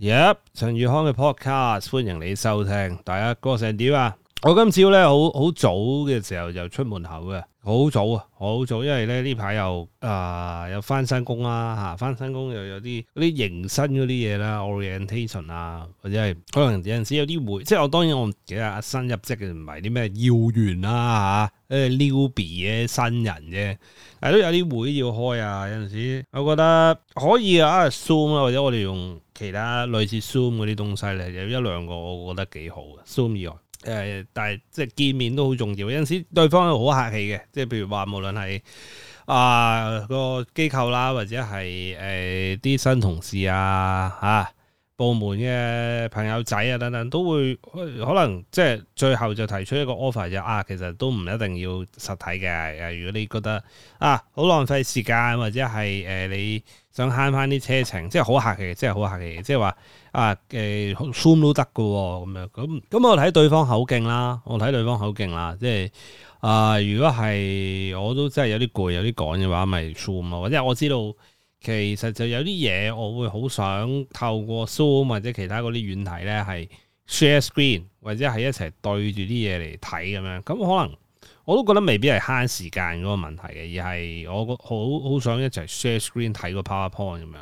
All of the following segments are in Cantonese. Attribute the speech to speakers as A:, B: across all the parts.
A: Yep，陳宇康嘅 podcast，歡迎你收聽，大家歌成點啊？我今朝咧好好早嘅時候就出門口嘅，好早啊，好早，因為咧呢排又啊有翻新工啦、啊、吓、啊，翻新工又有啲啲迎新嗰啲嘢啦，orientation 啊，或者係可能有陣時有啲會，即係我當然我唔記得阿新入職嘅唔係啲咩要員啦吓，誒 newbie 嘅新人啫，但都有啲會要開啊，有陣時我覺得可以啊，Zoom 啊，或者我哋用其他類似 Zoom 嗰啲東西咧，有一兩個我覺得幾好嘅，Zoom 以外。誒、呃，但係即係見面都好重要。有陣時對方好客氣嘅，即係譬如話，無論係啊、呃個機構啦，或者係誒啲新同事啊，嚇、啊。部門嘅朋友仔啊，等等都會可能即係最後就提出一個 offer 就、啊其實都唔一定要實體嘅啊，如果你覺得啊好浪費時間或者係誒、呃、你想慳翻啲車程，即係好客氣，即係好客氣即係話啊，誒、呃、zoom 都得嘅咁樣，咁咁我睇對方口徑啦，我睇對方口徑啦，即係啊、呃、如果係我都真係有啲攰有啲趕嘅話咪 zoom 咯，或者我知道。其實就有啲嘢我會好想透過 Zoom 或者其他嗰啲軟體咧，係 share screen 或者係一齊對住啲嘢嚟睇咁樣。咁可能我都覺得未必係慳時間嗰個問題嘅，而係我好好想一齊 share screen 睇個 PowerPoint 咁樣，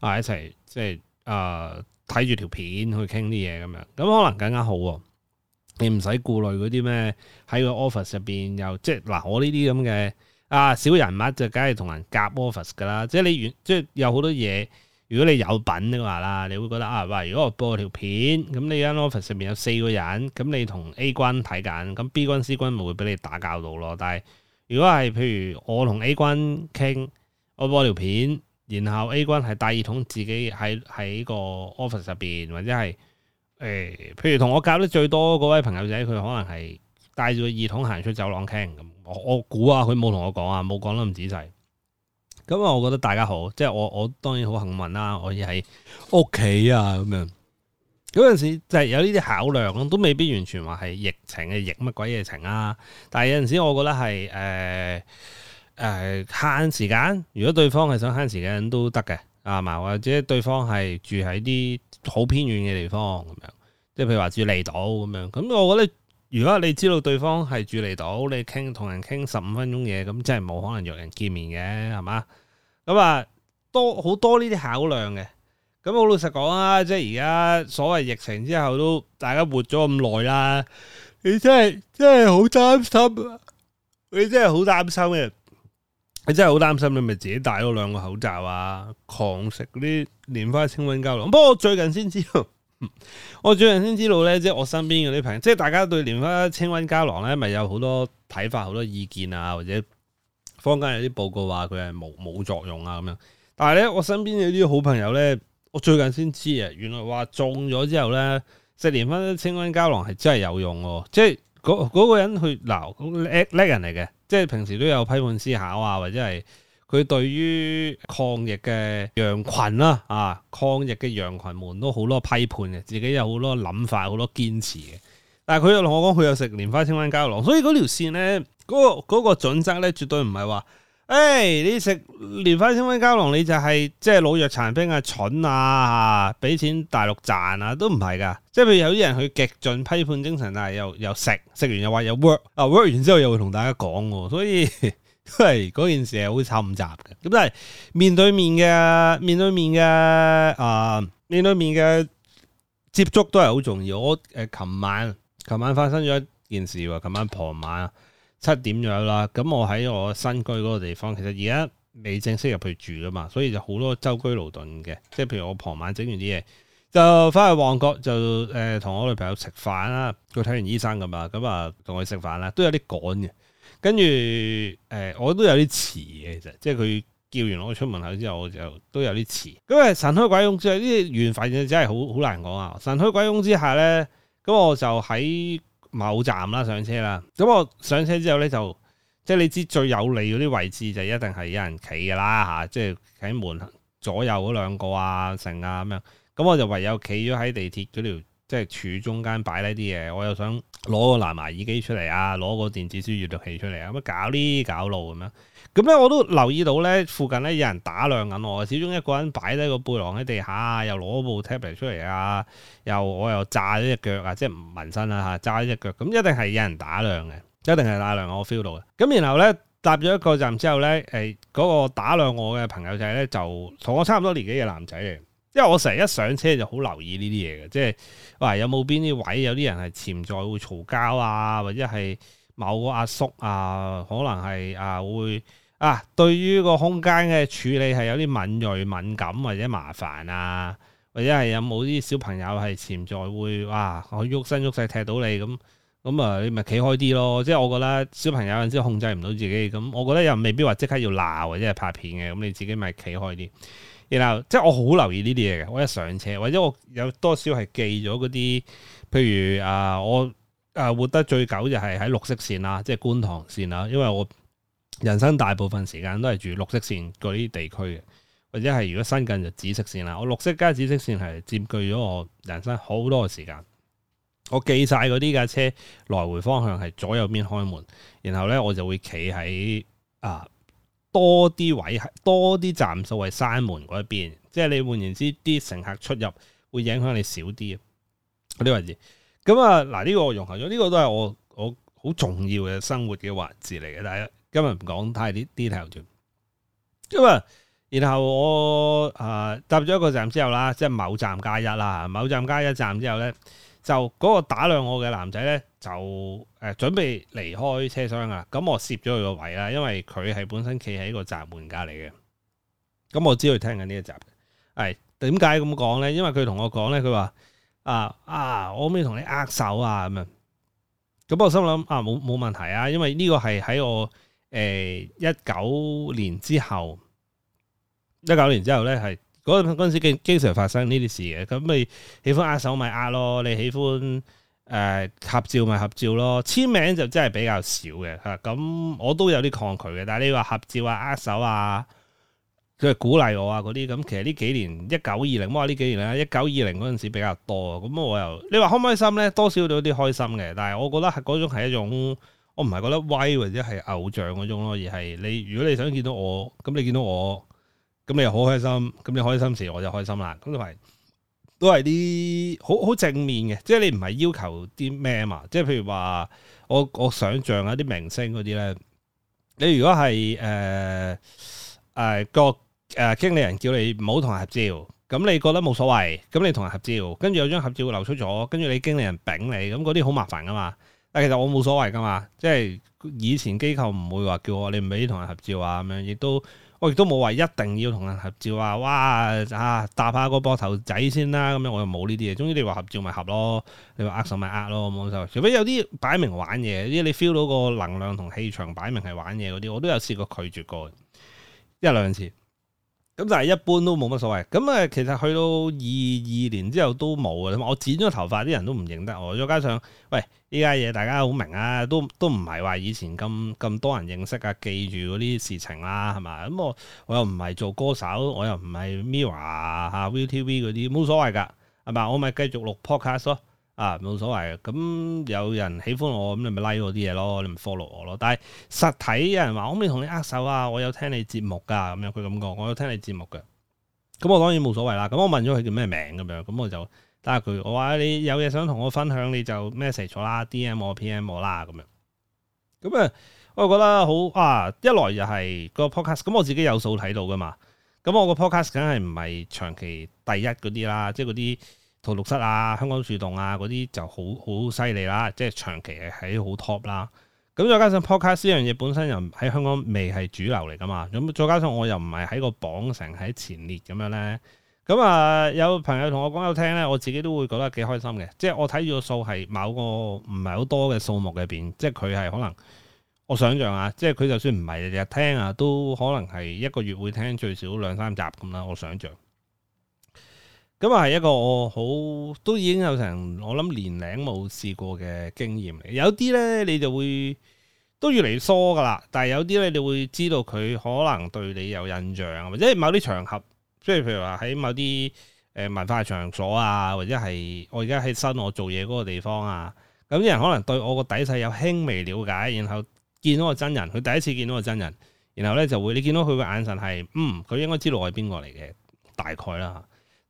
A: 啊一齊即係啊睇住條片去傾啲嘢咁樣。咁可能更加好喎、啊。你唔使顧慮嗰啲咩喺個 office 入邊又即係嗱，我呢啲咁嘅。啊，小人物就梗係同人夾 office 㗎啦，即係你即係有好多嘢。如果你有品嘅話啦，你會覺得啊，喂，如果我播條片，咁你間 office 入面有四個人，咁你同 A 君睇緊，咁 B 君、C 君咪會俾你打攪到咯。但係如果係譬如我同 A 君傾，我播條片，然後 A 君係戴耳筒自己喺喺個 office 入邊，或者係誒、哎，譬如同我夾得最多嗰位朋友仔，佢可能係。帶住個耳筒行出走廊傾咁，我我估啊，佢冇同我講啊，冇講得咁仔細。咁、嗯、啊，我覺得大家好，即係我我當然好幸運啦，我以喺屋企啊咁樣。嗰陣時就係有呢啲考量都未必完全話係疫情嘅疫乜鬼嘢情啊。但係有陣時，我覺得係誒誒慳時間。如果對方係想慳時間都得嘅，啊嘛，或者對方係住喺啲好偏遠嘅地方咁樣，即係譬如話住離島咁樣，咁我覺得。如果你知道對方係住離島，你傾同人傾十五分鐘嘢，咁真係冇可能約人見面嘅，係嘛？咁、嗯、啊，多好多呢啲考量嘅。咁、嗯、好老實講啊，即係而家所謂疫情之後都大家活咗咁耐啦，你真係真係好擔心啊！你真係好擔心嘅，你真係好擔心，你咪自己戴咗兩個口罩啊，狂食啲蓮花清瘟膠囊。不過最近先知道。我最近先知道咧，即係我身邊嗰啲朋友，即係大家對蓮花清瘟膠囊咧，咪有好多睇法，好多意見啊，或者坊間有啲報告話佢係冇冇作用啊咁樣。但係咧，我身邊有啲好朋友咧，我最近先知啊，原來話中咗之後咧，食蓮花清瘟膠囊係真係有用喎，啊。即係嗰嗰個人去嗱叻叻人嚟嘅，即係平時都有批判思考啊，或者係。佢對於抗疫嘅羊群啦、啊，啊，抗疫嘅羊群們都好多批判嘅，自己有好多諗法，好多堅持嘅。但係佢又同我講，佢又食連花清瘟膠囊，所以嗰條線咧，嗰個嗰個準則咧，絕對唔係話，誒、欸，你食連花清瘟膠囊你就係即係老弱殘兵啊、蠢啊、俾錢大陸賺啊，都唔係㗎。即係譬如有啲人去極盡批判精神，但係又又食食完又話有 work 啊，work 完之後又會同大家講喎，所以。 都係嗰件事係好複雜嘅，咁但係面對面嘅，面對面嘅啊，面對面嘅、呃、接觸都係好重要。我誒，琴、呃、晚琴晚發生咗一件事喎，琴晚傍晚七點左右啦，咁我喺我新居嗰個地方，其實而家未正式入去住噶嘛，所以就好多周居勞頓嘅。即係譬如我傍晚整完啲嘢，就翻去旺角就誒同、呃、我女朋友食飯啦，佢睇完醫生噶嘛，咁啊同佢食飯咧，都有啲趕嘅。跟住誒、呃，我都有啲遲嘅其實，即係佢叫完我出門口之後，我就都有啲遲。咁、嗯、啊，神開鬼湧之，呢啲緣份真係好好難講啊！神開鬼湧之下咧，咁、嗯、我就喺某站啦上車啦。咁、嗯、我上車之後咧，就即係你知最有利嗰啲位置就一定係有人企㗎啦吓，即係喺門左右嗰兩個啊剩啊咁樣。咁、嗯嗯、我就唯有企咗喺地鐵嗰條，即係柱中間擺呢啲嘢，我又想。攞個藍牙耳機出嚟啊！攞個電子書閱讀器出嚟啊！咁樣搞呢搞路咁、啊、樣，咁咧我都留意到咧，附近咧有人打量緊我。始終一個人擺低個背囊喺地下，又攞部 tablet 出嚟啊，又我又炸咗隻腳啊，即係紋身啊，嚇，紮咗隻腳，咁一定係有人打量嘅，一定係打量我 feel 到嘅。咁然後咧搭咗一個站之後咧，誒、那、嗰個打量我嘅朋友仔咧就同我差唔多年紀嘅男仔嚟。因為我成日一上車就好留意呢啲嘢嘅，即係話有冇邊啲位有啲人係潛在會嘈交啊，或者係某個阿叔啊，可能係啊會啊對於個空間嘅處理係有啲敏銳敏感或者麻煩啊，或者係有冇啲小朋友係潛在會哇我喐身喐勢踢到你咁。咁啊、嗯，你咪企開啲咯，即係我覺得小朋友有陣時控制唔到自己，咁我覺得又未必話即刻要鬧或者係拍片嘅，咁、嗯、你自己咪企開啲。然後即係我好留意呢啲嘢嘅，我一上車或者我有多少係記咗嗰啲，譬如啊，我啊活得最久就係喺綠色線啦、啊，即係觀塘線啦、啊，因為我人生大部分時間都係住綠色線嗰啲地區嘅，或者係如果新近就紫色線啦、啊，我綠色加紫色線係佔據咗我人生好多嘅時間。我記晒嗰啲架車來回方向係左右邊開門，然後咧我就會企喺啊多啲位，多啲站數係閂門嗰一邊，即係你換言之，啲乘客出入會影響你少啲啊呢個位置。咁、嗯、啊嗱，呢、這個我融合咗，呢、這個都係我我好重要嘅生活嘅環節嚟嘅。但係今日唔講太啲 detail 住。咁、嗯、啊，然後我啊搭咗一個站之後啦，即係某站加一啦，某站加一站之後咧，就嗰、那個打量我嘅男仔咧，就誒、呃、準備離開車廂啊！咁我攝咗佢個位啦，因為佢係本身企喺個閘門隔籬嘅。咁我知佢聽緊呢一集。係點解咁講咧？因為佢同我講咧，佢話啊啊，我可唔可以同你握手啊咁樣。咁我心諗啊，冇冇問題啊，因為呢個係喺我誒一九年之後，一九年之後咧係。嗰個嗰陣時經常發生呢啲事嘅，咁咪喜歡握手咪握咯，你喜歡誒、呃、合照咪合照咯，簽名就真係比較少嘅嚇。咁我都有啲抗拒嘅，但係你話合照啊、握手啊，佢係鼓勵我啊嗰啲咁。其實呢幾年一九二零，我話呢幾年咧一九二零嗰陣時比較多。咁我又你話開唔開心咧？多少都有啲開心嘅，但係我覺得係嗰種係一種，我唔係覺得威或者係偶像嗰種咯，而係你如果你想見到我，咁你見到我。咁你又好開心，咁你開心時我就開心啦。咁都係，都係啲好好正面嘅，即係你唔係要求啲咩啊嘛。即係譬如話，我我想象一啲明星嗰啲咧，你如果係誒誒個誒經理人叫你唔好同人合照，咁你覺得冇所謂，咁你同人合照，跟住有張合照流出咗，跟住你經理人丙你，咁嗰啲好麻煩噶嘛。但其實我冇所謂噶嘛，即係以前機構唔會話叫我你唔俾同人合照啊咁樣，亦都。我亦都冇話一定要同人合照啊！哇啊，搭下個膊頭仔先啦，咁樣我又冇呢啲嘢。總之你話合照咪合咯，你話握手咪握咯，冇所謂。除非有啲擺明玩嘢，啲你 feel 到個能量同氣場擺明係玩嘢嗰啲，我都有試過拒絕過一兩次。咁就係一般都冇乜所謂。咁啊，其實去到二二年之後都冇嘅。我剪咗頭髮，啲人都唔認得我。再加上，喂，依家嘢大家好明啊，都都唔係話以前咁咁多人認識啊，記住嗰啲事情啦、啊，係嘛？咁我我又唔係做歌手，我又唔係 Mirror 啊 ViuTV 嗰啲，冇所謂㗎。係嘛，我咪繼續錄 podcast 咯、啊。啊，冇所謂嘅。咁、嗯、有人喜歡我，咁、嗯、你咪 like 我啲嘢咯，你咪 follow 我咯。但係實體有人話，我唔未同你握手啊，我有聽你節目噶，咁、嗯、樣佢咁講，我有聽你節目嘅。咁、嗯、我當然冇所謂啦。咁、嗯、我問咗佢叫咩名咁樣，咁、嗯、我就打量佢。我話你有嘢想同我分享，你就 message 我啦，D M 我、P M 我啦，咁樣。咁啊、嗯，我又覺得好啊。一來又係個 podcast，咁、嗯、我自己有數睇到噶嘛。咁、嗯、我個 podcast 梗係唔係長期第一嗰啲啦，即係嗰啲。陶露室啊、香港樹洞啊嗰啲就好好犀利啦，即係長期係喺好 top 啦。咁再加上 podcast 呢樣嘢本身又喺香港未係主流嚟㗎嘛。咁再加上我又唔係喺個榜成喺前列咁樣咧。咁啊，有朋友同我講有聽咧，我自己都會覺得幾開心嘅。即係我睇住個數係某個唔係好多嘅數目入邊，即係佢係可能我想像啊，即係佢就算唔係日日聽啊，都可能係一個月會聽最少兩三集咁啦。我想像。咁啊，係一個我好都已經有成我諗年零冇試過嘅經驗。有啲咧，你就會都越嚟越疏噶啦。但係有啲咧，你會知道佢可能對你有印象啊，或者某啲場合，即係譬如話喺某啲誒、呃、文化場所啊，或者係我而家喺新我做嘢嗰個地方啊。咁啲人可能對我個底細有輕微了解，然後見到個真人，佢第一次見到個真人，然後咧就會你見到佢個眼神係，嗯，佢應該知道我係邊個嚟嘅大概啦。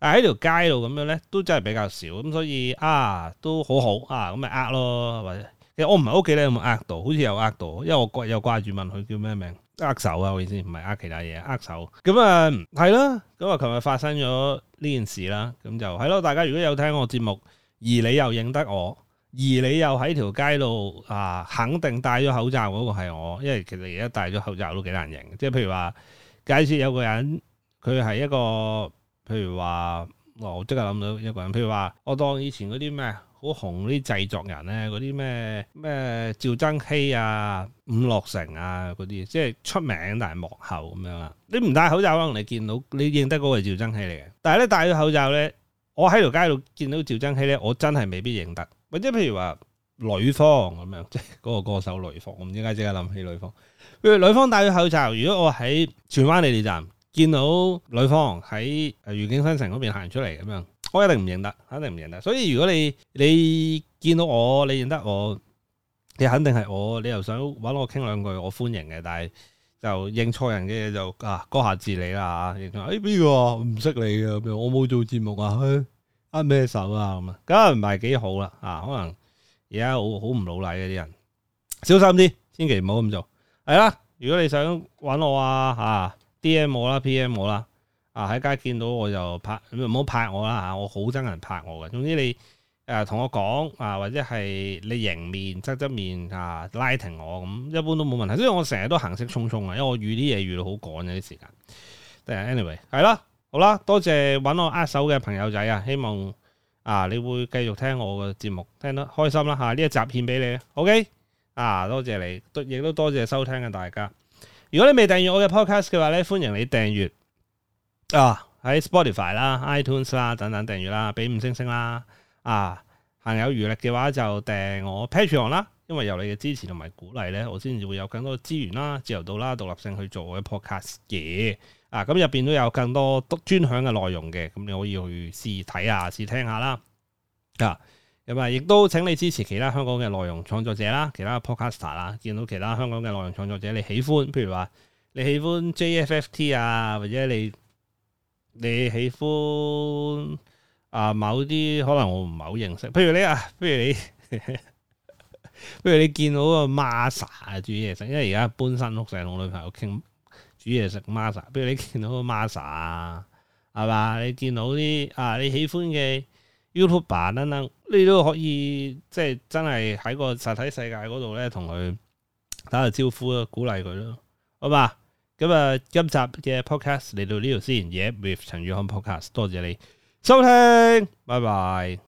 A: 喺條街度咁樣咧，都真係比較少，咁所以啊，都好好啊，咁咪呃咯，或者其實我唔喺屋企咧，有冇呃到？好似有呃到，因為我有掛又掛住問佢叫咩名，呃手啊，我意思，唔係呃其他嘢，呃手咁啊，係咯，咁、嗯、啊，琴日發生咗呢件事啦，咁就係咯，大家如果有聽我節目，而你又認得我，而你又喺條街度啊，肯定戴咗口罩嗰個係我，因為其實而家戴咗口罩都幾難認，即係譬如話，假設有個人佢係一個。譬如話，我即刻諗到一個人。譬如話，我當以前嗰啲咩好紅啲製作人咧，嗰啲咩咩趙增熹啊、伍樂城啊嗰啲，即係出名但係幕後咁樣啦。你唔戴口罩，可能你見到你認得嗰個係趙增熹嚟嘅。但係咧戴咗口罩咧，我喺條街度見到趙增熹咧，我真係未必認得。或者譬如話女方咁樣，即係嗰個歌手女方，我唔知點解即刻諗起女方。譬如女方戴咗口罩，如果我喺荃灣地鐵站。見到女方喺愉景新城嗰邊行出嚟咁樣，我一定唔認得，肯定唔認得。所以如果你你見到我，你認得我，你肯定係我。你又想揾我傾兩句，我歡迎嘅。但係就認錯人嘅嘢就啊，下自理啦吓。認錯人誒邊個唔識你嘅，我冇做節目啊，握、啊、咩手啊咁啊，梗係唔係幾好啦吓。可能而家好好唔努力嘅啲人，小心啲，千祈唔好咁做係啦。如果你想揾我啊，吓、啊。D.M 我啦，P.M 我啦，啊喺街見到我就拍，唔好拍我啦吓，我好憎人拍我嘅。總之你誒同、呃、我講啊，或者係你迎面側側面啊拉停我咁、嗯，一般都冇問題。因為我成日都行色匆匆啊，因為我遇啲嘢遇到好趕嘅啲時間。a n y、Anyway, w a y 係啦，好啦，多謝揾我握手嘅朋友仔啊，希望啊你會繼續聽我嘅節目，聽得開心啦吓。呢、啊、一集獻俾你，OK 啊，多謝你，亦都多謝收聽嘅大家。如果你未訂閱我嘅 podcast 嘅話咧，歡迎你訂閱啊喺 Spotify 啦、Sp ify, iTunes 啦等等訂閱啦，俾五星星啦。啊，行有餘力嘅話就訂我 Patreon 啦，因為有你嘅支持同埋鼓勵咧，我先至會有更多嘅資源啦、自由度啦、獨立性去做我嘅 podcast 嘢。啊，咁入邊都有更多獨專享嘅內容嘅，咁你可以去試睇下、試聽下啦。啊！咁啊！亦都請你支持其他香港嘅內容創作者啦，其他 Podcaster 啦，見到其他香港嘅內容創作者，你喜歡，譬如話你喜歡 JFFT 啊，或者你你喜歡啊某啲可能我唔係好認識，譬如你啊，譬如你，呵呵譬如你見到個 Masa 啊，煮嘢食，因為而家搬新屋成日同女朋友傾煮嘢食 Masa，譬如你見到個 Masa 啊，係嘛？你見到啲啊，你喜歡嘅 YouTuber 等等，你都可以即係真係喺個實體世界嗰度咧，同佢打下招呼啦，鼓勵佢咯，好吧，咁啊？今集嘅 Podcast 嚟到呢度先，也、yeah, with 陳宇康 Podcast，多謝你收聽，拜拜。